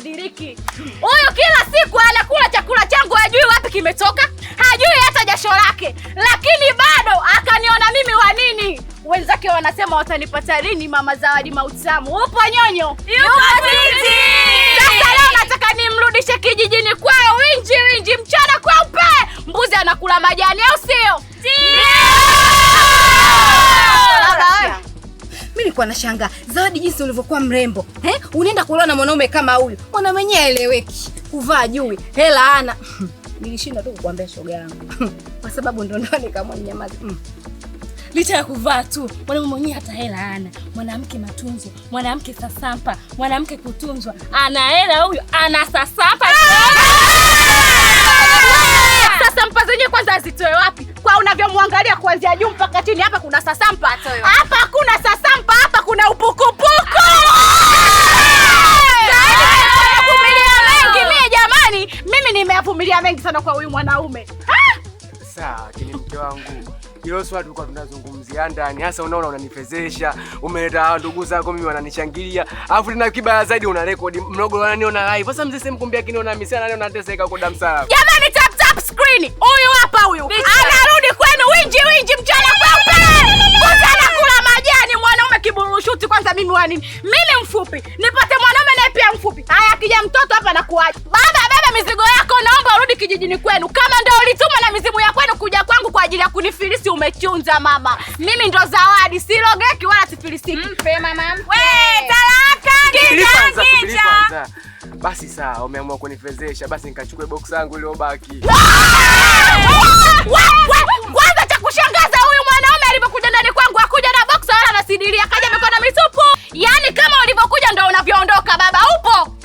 hadiriki. Huyu kila siku anakula chakula changu, hajui wapi kimetoka, hajui hata jasho lake, lakini bado akaniona mimi wa nini. Wenzake wanasema watanipata lini? Mama Zawadi Mautamu, upo nyonyo? Yupo titi. Sasa leo nataka nimrudishe kijijini kwao, winji winji, mchana upe. mbuzi anakula majani, au sio? Mimi nilikuwa nashangaa Zawadi, jinsi ulivyokuwa mrembo eh? Unaenda kuolewa na mwanaume kama huyu, mwanaume mwenyewe aeleweki, kuvaa jui, hela ana nilishinda tu kukuambia shoga yangu kwa sababu ndo ndo nikamwa nyamazi mm. Licha ya kuvaa tu, mwanaume mwenyewe hata hela ana. Mwanamke matunzo, mwanamke sasampa, mwanamke kutunzwa, ana hela huyu, ana sasampa. Sasampa zenye kwanza azitoe wapi? Kwa unavyomwangalia kuanzia juu mpaka chini, hapa kuna sasampa, hapa hakuna sasampa kuna upukupuku vumilia yaani, mengi mie, jamani, mimi nimeyavumilia mengi sana kwa huyu mwanaume. Sawa kini mke wangu hilo swali tulikuwa tunazungumzia ndani hasa. Unaona, unanifezesha, umeleta ndugu zako, mimi wananishangilia, alafu tena kibaya zaidi una rekodi mdogo, ananiona live. Sasa mzee simkumbia kiniona misana nateseka koda msala. Jamani, tap tap screen, huyu hapa, huyu anarudi kwenu, winji winji, mchana kweupe kiburushuti shuti kwanza. Mimi wa nini? Mimi mfupi, nipate mwanaume naye pia mfupi. Haya, akija mtoto hapa nakuaje? Baba, beba mizigo yako, naomba urudi kijijini kwenu. Kama ndio ulituma na mizimu ya kwenu kuja kwangu kwa ajili ya kunifilisi, umechunza mama. Mimi ndo zawadi, silogeki wala sifilisiki. Mpe mama, mpe. We, talaka giza giza. Basi saa umeamua kunifezesha, basi nikachukue box yangu iliyobaki. Ah! sidiria kaja amekuwa na misupu. Yaani kama ulivyokuja ndo unavyoondoka baba, upo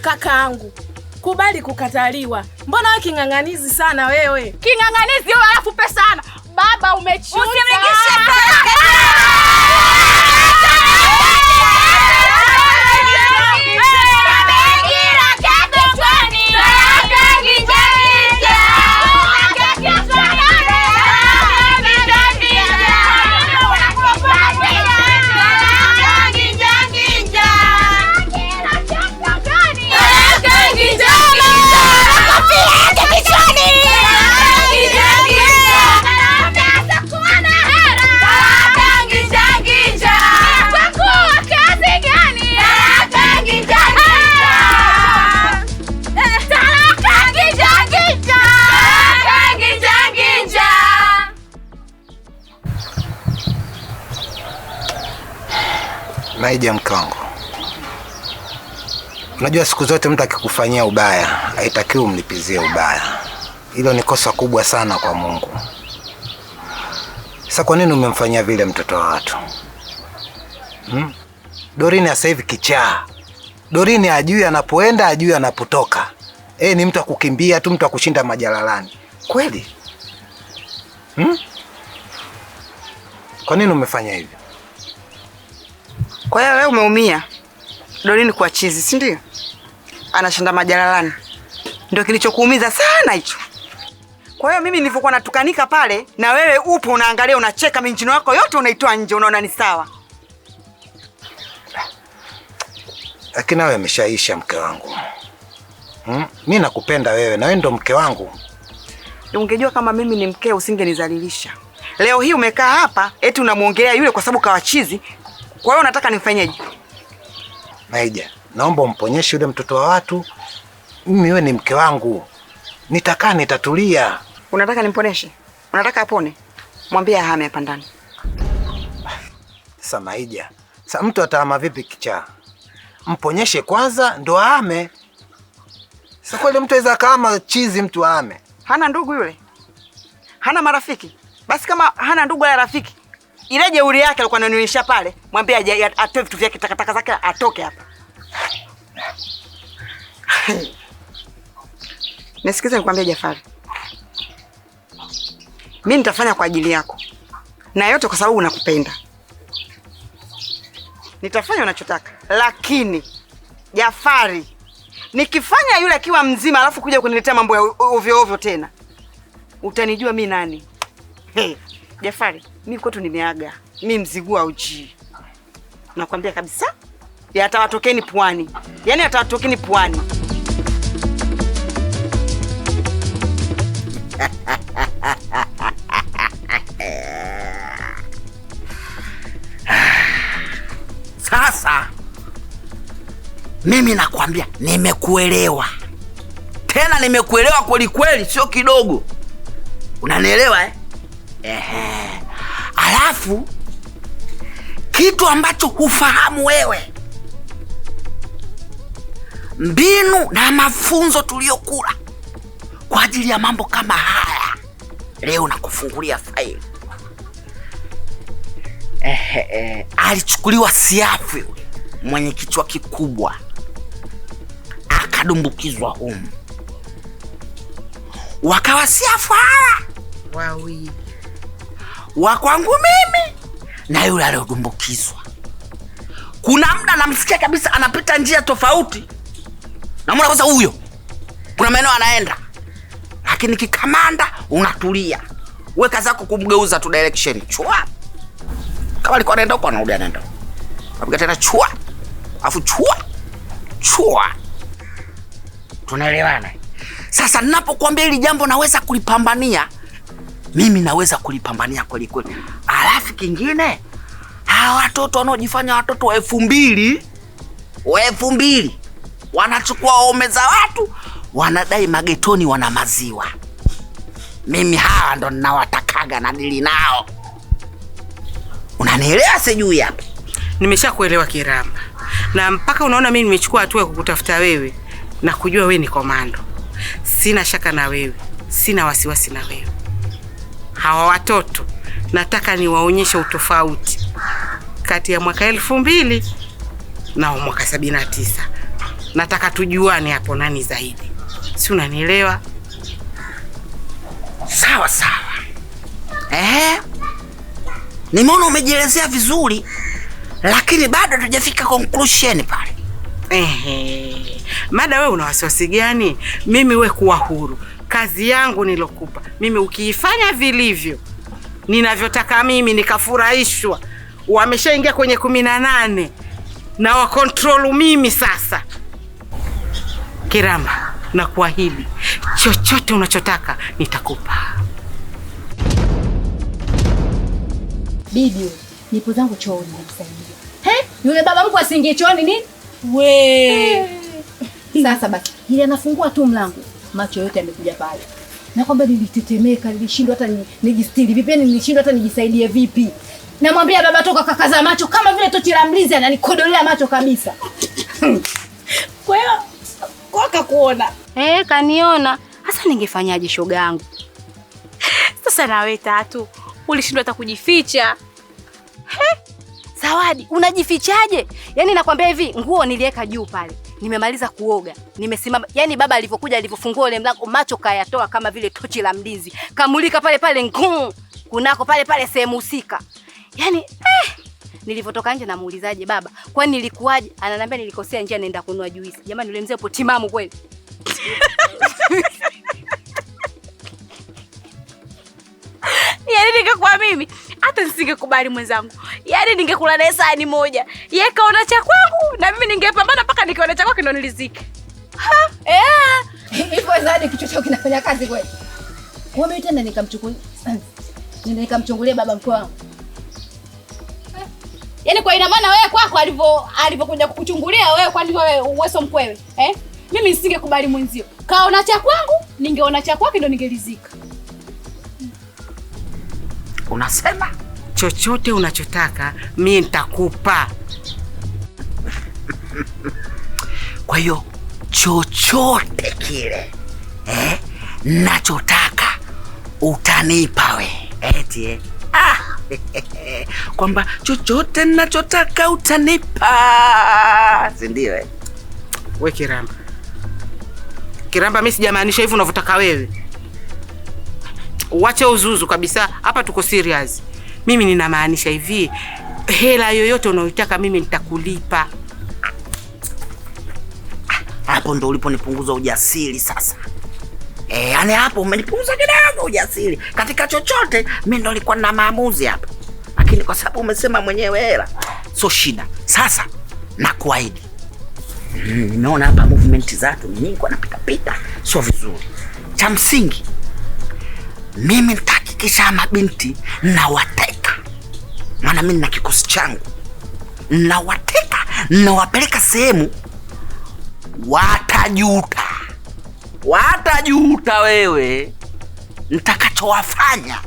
kaka angu Kubali kukataliwa. Mbona wewe king'ang'anizi sana wewe? King'ang'anizi wewe alafu pesa sana. Baba umechuja. Usinigishe pesa. Unajua, siku zote mtu akikufanyia ubaya haitakiwi umlipizie ubaya. Hilo ni kosa kubwa sana kwa Mungu. Sasa kwa nini umemfanyia vile mtoto wa watu hmm? Dorini sasa hivi kichaa. Dorini ajui anapoenda, ajui anapotoka. E, ni mtu akukimbia tu, mtu akushinda majalalani kweli hmm? Kwa nini umefanya hivyo? Kwa hiyo wewe umeumia Dorini kwa chizi, si ndio? anashinda majalalani. Ndio kilichokuumiza sana hicho. Kwa hiyo mimi nilivyokuwa natukanika pale, na wewe upo unaangalia, unacheka, minjino yako yote unaitoa nje, unaona ni sawa. Lakini awe ameshaisha mke wangu. Hmm? nakupenda wewe na wewe ndo mke wangu. Ungejua kama mimi ni mkeo usingenizalilisha. Leo hii umekaa hapa eti unamwongelea yule kwa sababu kawachizi. Kwa hiyo unataka nimfanyeje? Maija naomba umponyeshe yule mtoto wa watu. Mimi wewe ni mke wangu, nitakaa nitatulia. Unataka nimponeshe? Unataka apone? Mwambie ahame hapa ndani. Sasa Maija, sasa mtu atahama vipi kichaa? Mponyeshe kwanza ndo ahame. Sasa kweli mtu aweza kama chizi mtu ahame? Hana ndugu yule, hana marafiki. Basi kama hana ndugu wala rafiki, ile jeuri yake alikuwa ananionyesha pale, mwambie atoe vitu vyake, takataka zake, atoke hapa. Nisikize nikwambia Jafari, mi nitafanya kwa ajili yako na yote kwa sababu nakupenda. Nitafanya unachotaka, lakini Jafari, nikifanya yule akiwa mzima alafu kuja kuniletea mambo ya ovyo ovyo tena, utanijua mi nani? Hey, Jafari, mi kwetu nimeaga, mi mzigu aujii, nakwambia kabisa, yatawatokeni yaani puani, yaani yatawatokeni puani. Sasa mimi nakwambia, nimekuelewa tena, nimekuelewa kweli kweli, sio kidogo. Unanielewa eh? Ehe. Alafu kitu ambacho hufahamu wewe, mbinu na mafunzo tuliyokula kwa ajili ya mambo kama haya. Leo nakufungulia faili. Eh, eh, alichukuliwa siafu mwenye kichwa kikubwa akadumbukizwa humu, wakawa siafu hawa wawili wa kwangu mimi na yule aliodumbukizwa. Kuna muda namsikia kabisa anapita njia tofauti, namuona kwanza huyo, kuna maeneo anaenda lakini kikamanda unatulia, weka zako kumgeuza tu direction chua. Kama alikuwa anaenda huko anarudi anaenda apiga tena chua, afu chua chua. Tunaelewana sasa? Ninapokuambia hili jambo naweza kulipambania mimi, naweza kulipambania kweli kweli. Alafu kingine, hawa watoto wanaojifanya watoto wa elfu mbili wa elfu mbili wanachukua ome za watu wanadai magetoni wana maziwa. Mimi hawa ndo ninawatakaga na dili nao, unanielewa? Sijui hapa. Nimeshakuelewa Kirama, na mpaka unaona mimi nimechukua hatua ya kukutafuta wewe na kujua wewe ni komando. Sina shaka na wewe, sina wasiwasi na wewe. Hawa watoto nataka niwaonyeshe utofauti kati ya mwaka elfu mbili na mwaka sabini na tisa. Nataka tujuane hapo nani zaidi si unanielewa? Sawa sawa, ehe, nimeona umejielezea vizuri, lakini bado hatujafika conclusion pale. Ehe, mada we una wasiwasi gani? Mimi we kuwa huru, kazi yangu nilokupa mimi, ukiifanya vilivyo ninavyotaka mimi, nikafurahishwa, wameshaingia kwenye kumi na nane na wakontrolu mimi sasa, Kiramba na kuahidi chochote unachotaka nitakupa. Bibi, nipo zangu chooni nikusaidia. He? Yule baba mkwe asingie chooni nini? We. Sasa basi, ile anafungua tu mlango, macho yote yamekuja pale. Na kwamba nilitetemeka, nilishindwa hata nijistiri vipi, yaani nilishindwa hata nijisaidie vipi. Namwambia baba toka kakaza macho kama vile tochi la mlizi ananikodolea macho kabisa. Kwa hiyo kakuona eh, kaniona. Sasa ningefanyaje shoga yangu? Sasa nawe Tatu, ulishindwa hata kujificha Zawadi, unajifichaje? Yaani nakwambia hivi, nguo niliweka juu pale, nimemaliza kuoga, nimesimama. Yaani baba alivyokuja, alivyofungua ule mlango, macho kayatoa kama vile tochi la mlinzi, kamulika pale pale nguu kunako pale pale sehemu husika, yaani eh. Nilivyotoka nje namuulizaje, baba, kwani nilikuaje? Ananiambia nilikosea njia, naenda kunua juisi. Jamani, yule mzee yupo timamu kweli. Yaani ningekuwa mimi hata nisingekubali mwenzangu, yaani ningekula naye sahani moja, yeye kaona cha kwangu na mimi ningepambana mpaka nikiona cha kwake ndo nilizike. Eh! Hivyo zaidi kichwa chako kinafanya kazi kweli. Mimi tena nikamchukulia nikamchungulia baba mkwe wangu Yaani kwa ina maana wewe kwako alivyo alivyokuja kukuchungulia wewe kwani wewe uweso mkwewe. Eh? Mimi nisingekubali mwenzio. Kaona cha kwangu, ningeona cha kwake ndo ningelizika. Unasema chochote unachotaka mimi nitakupa. Kwa hiyo chochote kile eh, nachotaka utanipa we. Eti eh. kwamba chochote nachotaka utanipa, sindio Eh, we kiramba, kiramba, mi sijamaanisha hivi unavyotaka wewe. Uache uzuzu kabisa, hapa tuko serious. Mimi ninamaanisha hivi, hela yoyote unaoitaka mimi nitakulipa. Hapo ndo uliponipunguza ujasiri sasa. E, yani hapo umenipuuza kidogo ujasiri. Katika chochote mi ndo nilikuwa na maamuzi hapa. Lakini kwa sababu umesema mwenyewe hela, so shida. Sasa nakuahidi. Nimeona mm, hapa movement zatu ni nyingi wanapita pita, sio vizuri. Cha msingi mimi nitahakikisha mabinti nawateka, maana mimi na kikosi changu nawateka, nawapeleka sehemu watajuta watajuta wewe ntakachowafanya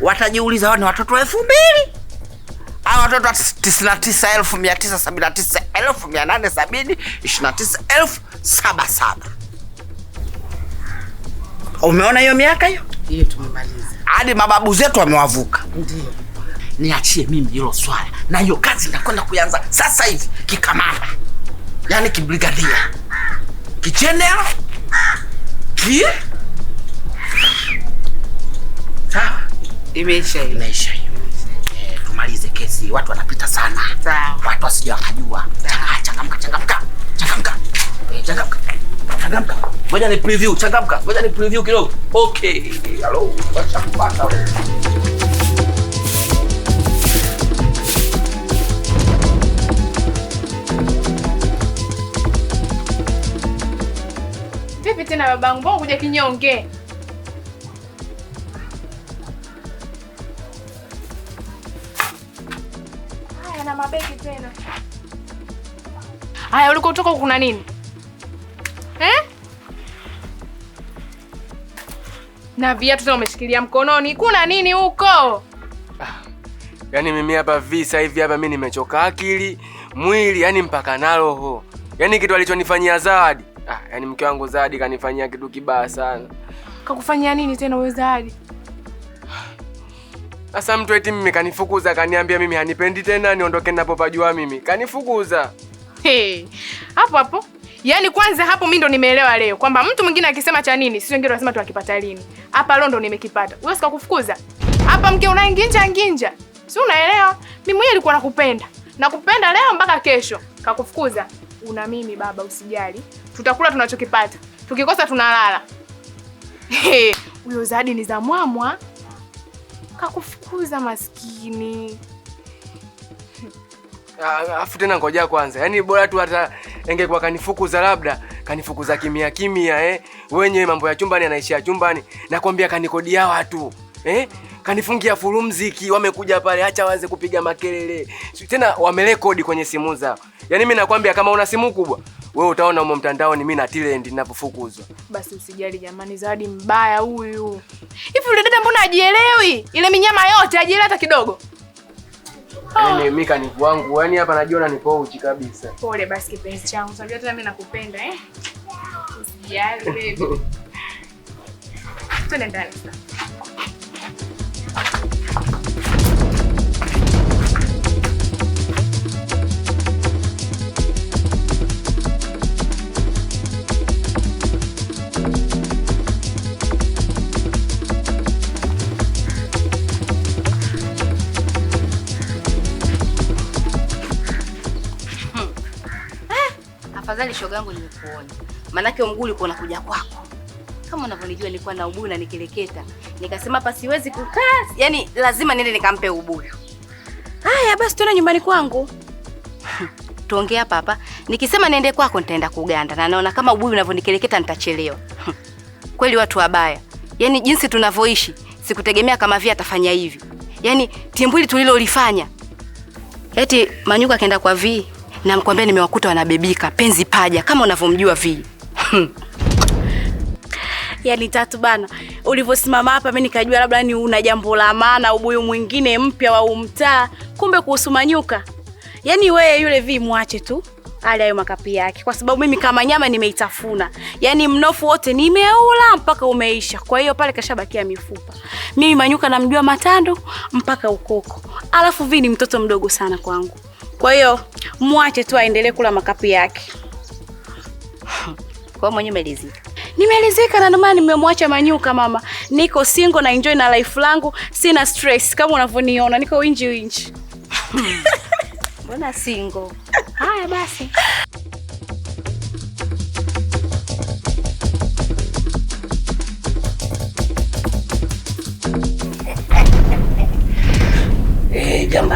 Watajiuliza hawa ni watoto elfu mbili au watoto elfu saba saba Umeona hiyo miaka hiyo hiyo, tumemaliza hadi mababu zetu wamewavuka. Ndio, niachie mimi hilo swala na hiyo kazi, nakwenda kuyanza sasa hivi kikamanda, yani kibrigadia. Kijana pia sawa, imeisha hiyo, imeisha Eh, tumalize kesi, watu wanapita sana. Sawa, watu wasije wakajua. Ah, changamka, changamka, changamka, eh, changamka, changamka. Ngoja ni preview, changamka, ngoja ni preview kidogo. Okay, hello, wacha kupata na babangu, mbona kuja kinyonge? Haya na mabeki tena. Haya, ulikotoka kuna nini eh? na viatu tena umeshikilia mkononi, kuna nini huko? Ah, yaani mimi hapa vi sasa hivi hapa mimi nimechoka akili, mwili, yani mpaka na roho. Yaani kitu alichonifanyia Zawadi Yaani mke wangu Zadi kanifanyia kitu kibaya sana. Kakufanyia nini tena wewe Zadi? Sasa mtu eti mimi kanifukuza, kaniambia mimi hanipendi tena, niondoke napo pajua mimi. Kanifukuza. Hey, hapo hapo. Yaani kwanza hapo mimi ndo nimeelewa leo kwamba mtu mwingine akisema cha nini, sisi wengine tunasema tuakipata lini. Hapa leo ndo nimekipata. Wewe sikakufukuza. Hapa mke unainginja nginja. Si unaelewa? Mimi mwenyewe nilikuwa nakupenda. Nakupenda leo mpaka kesho. Kakufukuza una mimi baba, usijali, tutakula tunachokipata, tukikosa tunalala. Huyo Zadi ni za mwamwa, kakufukuza maskini. Alafu ah, ah, tena ngoja kwanza, yaani bora tu hata ingekuwa kanifukuza, labda kanifukuza kimya kimya eh. Wenye mambo ya chumbani anaishia chumbani, nakwambia kanikodia watu eh? Kanifungia furumziki, wamekuja pale, acha waanze kupiga makelele tena, wamerekodi kwenye simu zao Yaani mimi nakwambia kama una simu kubwa wewe utaona humo mtandaoni mimi na trend ninapofukuzwa. Basi usijali jamani, Zawadi mbaya huyu. Hivi yule dada mbona ajielewi? Ile minyama yote ajielewa hata kidogo. Yaani oh. mimi kani wangu, yaani hapa najiona nipo uchi kabisa. Pole basi kipenzi changu. Unajua hata mimi nakupenda eh. Usijali baby. Twende ndani tafadhali shoga yangu nimekuona. Maanake mguu ulikuwa unakuja kwako. Kama unavyonijua nilikuwa na ubuyu na nikileketa, Nikasema hapa siwezi kukaa. Yaani lazima niende nikampe ubuyu. Haya basi tuna nyumbani kwangu. Tuongee hapa hapa. Nikisema niende kwako nitaenda kuganda na naona kama ubuyu unavyonikeleketa nitachelewa. Kweli watu wabaya. Yaani jinsi tunavyoishi sikutegemea kama vile atafanya hivi. Yaani timbwili tulilolifanya. Eti Manyuka akaenda kwa vi na mkwambia nimewakuta wanabebika penzi paja kama unavyomjua vi hmm. yani tatu bana, ulivyosimama hapa mi nikajua labda ni una jambo la maana, ubuyu mwingine mpya wa umtaa, kumbe kuhusu Manyuka. Yaani wewe yule vi mwache tu ali ayo makapi yake, kwa sababu mimi kama nyama nimeitafuna. Yaani mnofu wote nimeula mpaka umeisha, kwa hiyo pale kashabakia mifupa. Mimi Manyuka namjua matando mpaka ukoko, alafu vi ni mtoto mdogo sana kwangu. Kwa hiyo mwache tu aendelee kula makapi yake. Kwa hiyo mwenyewe umelizika? Nimelizika na ndio nimemwacha Manyuka mama. Niko single na enjoy na life langu, sina stress kama unavyoniona, niko winji winji. Mbona single? Haya basi.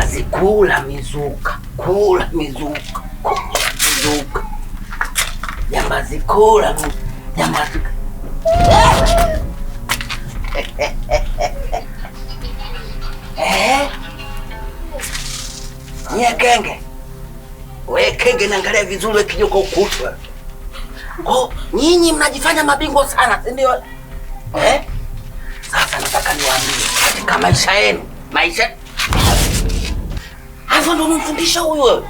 kazi, kula mizuka, kula mizuka, kula mizuka, jambazi, kula jambazi. Nye eh? kenge we kenge, naangalia vizuri, we kijoko ukutwa ko oh, nyinyi mnajifanya mabingwa sana, si ndio? Eh, sasa nataka niwaambie katika maisha yenu maisha Hivyo ndio unamfundisha huyo.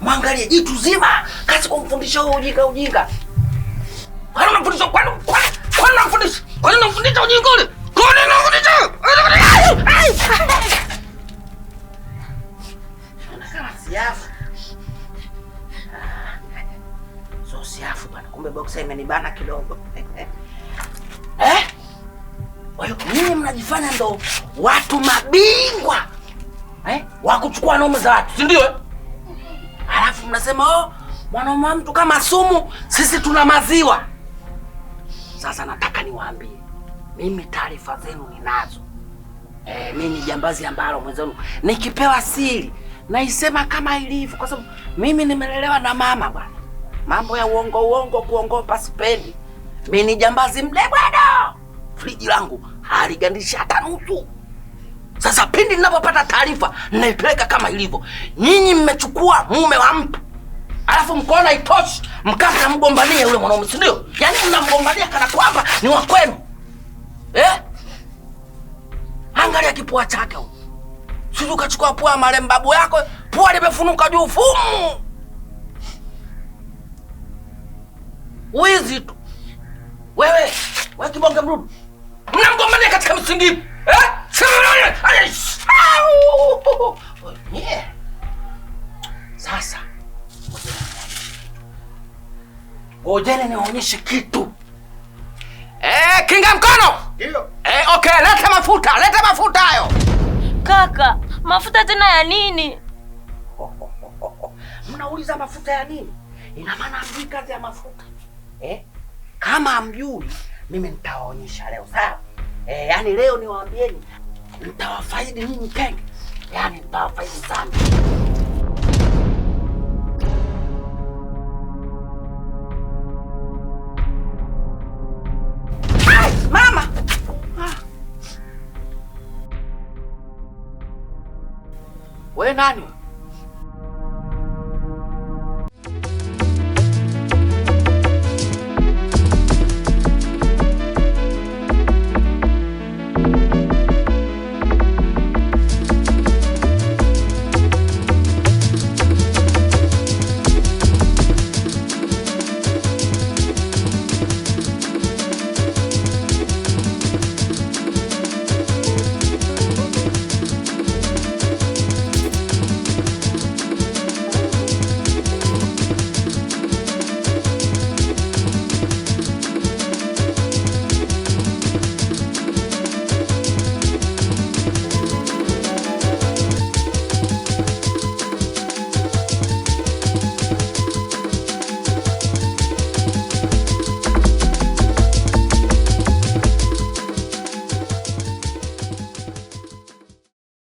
Mwangalie jitu zima kazi kumfundisha huyo ujinga ujinga. Kwani unamfundisha kwani kwani kwani unamfundisha? Kwani unamfundisha ujinga ule? Kwani unamfundisha? Kama siafu. So siafu bana, kumbe boxa imenibana kidogo. Eh? Kwa hiyo mimi mnajifanya ndo watu mabingwa eh, wakuchukua naume za watu, si ndio? Eh? Alafu mnasema oh, mwanaume wa mtu kama sumu, sisi tuna maziwa. Sasa nataka niwaambie mimi, taarifa zenu ninazo. E, mimi jambazi ambalo mwenzenu nikipewa siri naisema kama ilivyo, kwa sababu mimi nimelelewa na mama bwana. Mambo ya uongo uongo, kuongopa sipendi. Mimi ni jambazi mde bwana, friji langu haligandishi hata nusu. Sasa pindi ninapopata taarifa ninaipeleka kama ilivyo. Nyinyi mmechukua mume wa mtu alafu mkaona itoshi, mkaka mgombania yule mwanaume, si ndio? Yaani mnamgombania kana kwamba ni wa kwenu eh? Angalia kipua chake huko, sijui ukachukua pua malembabu yako, pua limefunuka juu fumu, wizi tu wewe, wewe kibonge mdudu, mnamgombania katika misingi eh? Sasa ngojeni nionyeshe kitu. Eh, kinga mkono. Ndio. Eh, okay, leta mafuta, leta mafuta hayo. Kaka, mafuta tena ya nini? Mnauliza mafuta ya nini? Ina maana hamjui kazi ya mafuta eh? Kama hamjui, mimi nitawaonyesha leo, sawa? Eh, yani leo niwaambieni Mtawafaidi ninyi Kenya, yani mtawafaidi sana. Ah. We nani?